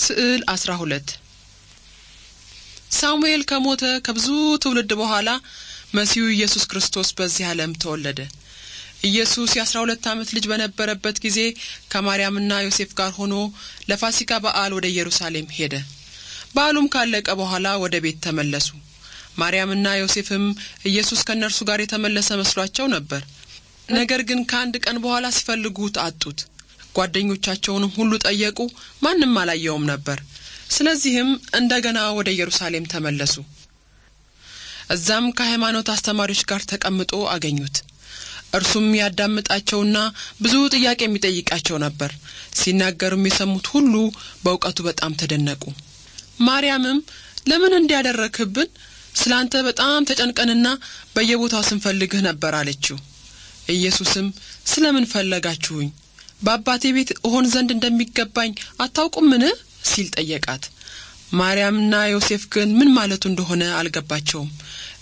ስዕል 12 ሳሙኤል ከሞተ ከብዙ ትውልድ በኋላ መሲሁ ኢየሱስ ክርስቶስ በዚህ ዓለም ተወለደ። ኢየሱስ የአስራ ሁለት ዓመት ልጅ በነበረበት ጊዜ ከማርያምና ዮሴፍ ጋር ሆኖ ለፋሲካ በዓል ወደ ኢየሩሳሌም ሄደ። በዓሉም ካለቀ በኋላ ወደ ቤት ተመለሱ። ማርያምና ዮሴፍም ኢየሱስ ከእነርሱ ጋር የተመለሰ መስሏቸው ነበር። ነገር ግን ከአንድ ቀን በኋላ ሲፈልጉት አጡት። ጓደኞቻቸውንም ሁሉ ጠየቁ፣ ማንም አላየውም ነበር። ስለዚህም እንደገና ወደ ኢየሩሳሌም ተመለሱ። እዛም ከሃይማኖት አስተማሪዎች ጋር ተቀምጦ አገኙት። እርሱም ያዳምጣቸውና ብዙ ጥያቄ የሚጠይቃቸው ነበር። ሲናገሩም የሰሙት ሁሉ በእውቀቱ በጣም ተደነቁ። ማርያምም ለምን እንዲያደረግህብን ስለ አንተ በጣም ተጨንቀንና በየቦታው ስንፈልግህ ነበር አለችው። ኢየሱስም ስለ ምን ፈለጋችሁኝ? በአባቴ ቤት እሆን ዘንድ እንደሚገባኝ አታውቁምን? ሲል ጠየቃት። ማርያምና ዮሴፍ ግን ምን ማለቱ እንደሆነ አልገባቸውም።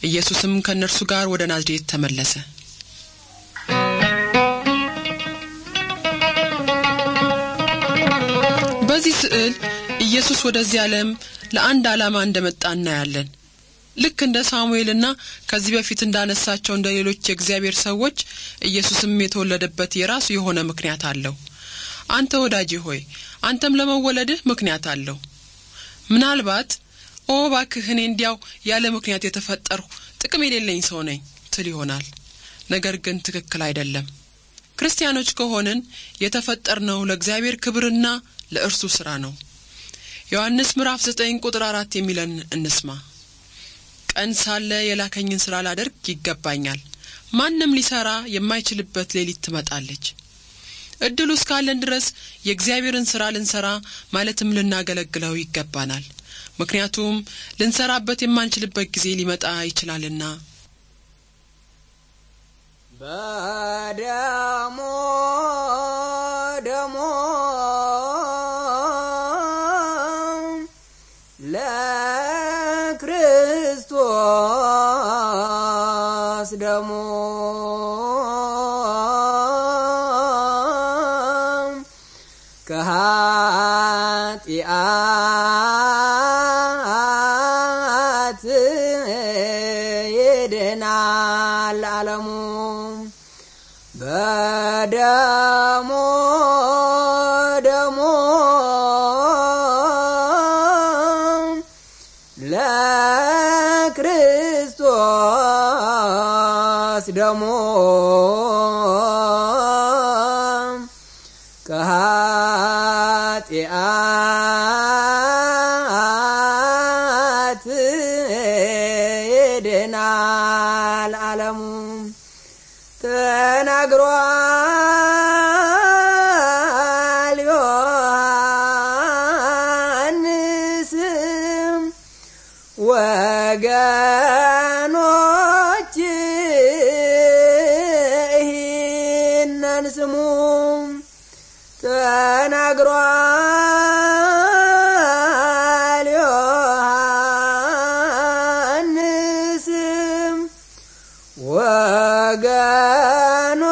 ኢየሱስም ከእነርሱ ጋር ወደ ናዝሬት ተመለሰ። በዚህ ስዕል ኢየሱስ ወደዚህ ዓለም ለአንድ ዓላማ እንደመጣ እናያለን። ልክ እንደ ሳሙኤልና ከዚህ በፊት እንዳነሳቸው እንደ ሌሎች የእግዚአብሔር ሰዎች ኢየሱስም የተወለደበት የራሱ የሆነ ምክንያት አለው። አንተ ወዳጄ ሆይ አንተም ለመወለድህ ምክንያት አለው። ምናልባት ኦ ባክህ እኔ እንዲያው ያለ ምክንያት የተፈጠርሁ ጥቅም የሌለኝ ሰው ነኝ ትል ይሆናል። ነገር ግን ትክክል አይደለም። ክርስቲያኖች ከሆንን የተፈጠርነው ለእግዚአብሔር ክብርና ለእርሱ ስራ ነው። ዮሐንስ ምዕራፍ ዘጠኝ ቁጥር አራት የሚለን እንስማ። ቀን ሳለ የላከኝን ስራ ላደርግ ይገባኛል። ማንም ሊሰራ የማይችልበት ሌሊት ትመጣለች። እድሉ እስካለን ድረስ የእግዚአብሔርን ስራ ልንሰራ ማለትም ልናገለግለው ይገባናል። ምክንያቱም ልንሰራበት የማንችልበት ጊዜ ሊመጣ ይችላልና። አስደሞ ከኃጢአት ይድናል ዓለሙ በደሞ ደሞ ለክርስቶስ ደሞ ከኃጢአት ይድናል ዓለሙ ተናግሯል ዮሐንስ ወገ ይባላል ስሙም ተናግሯል ዮሐንስም ወገኖ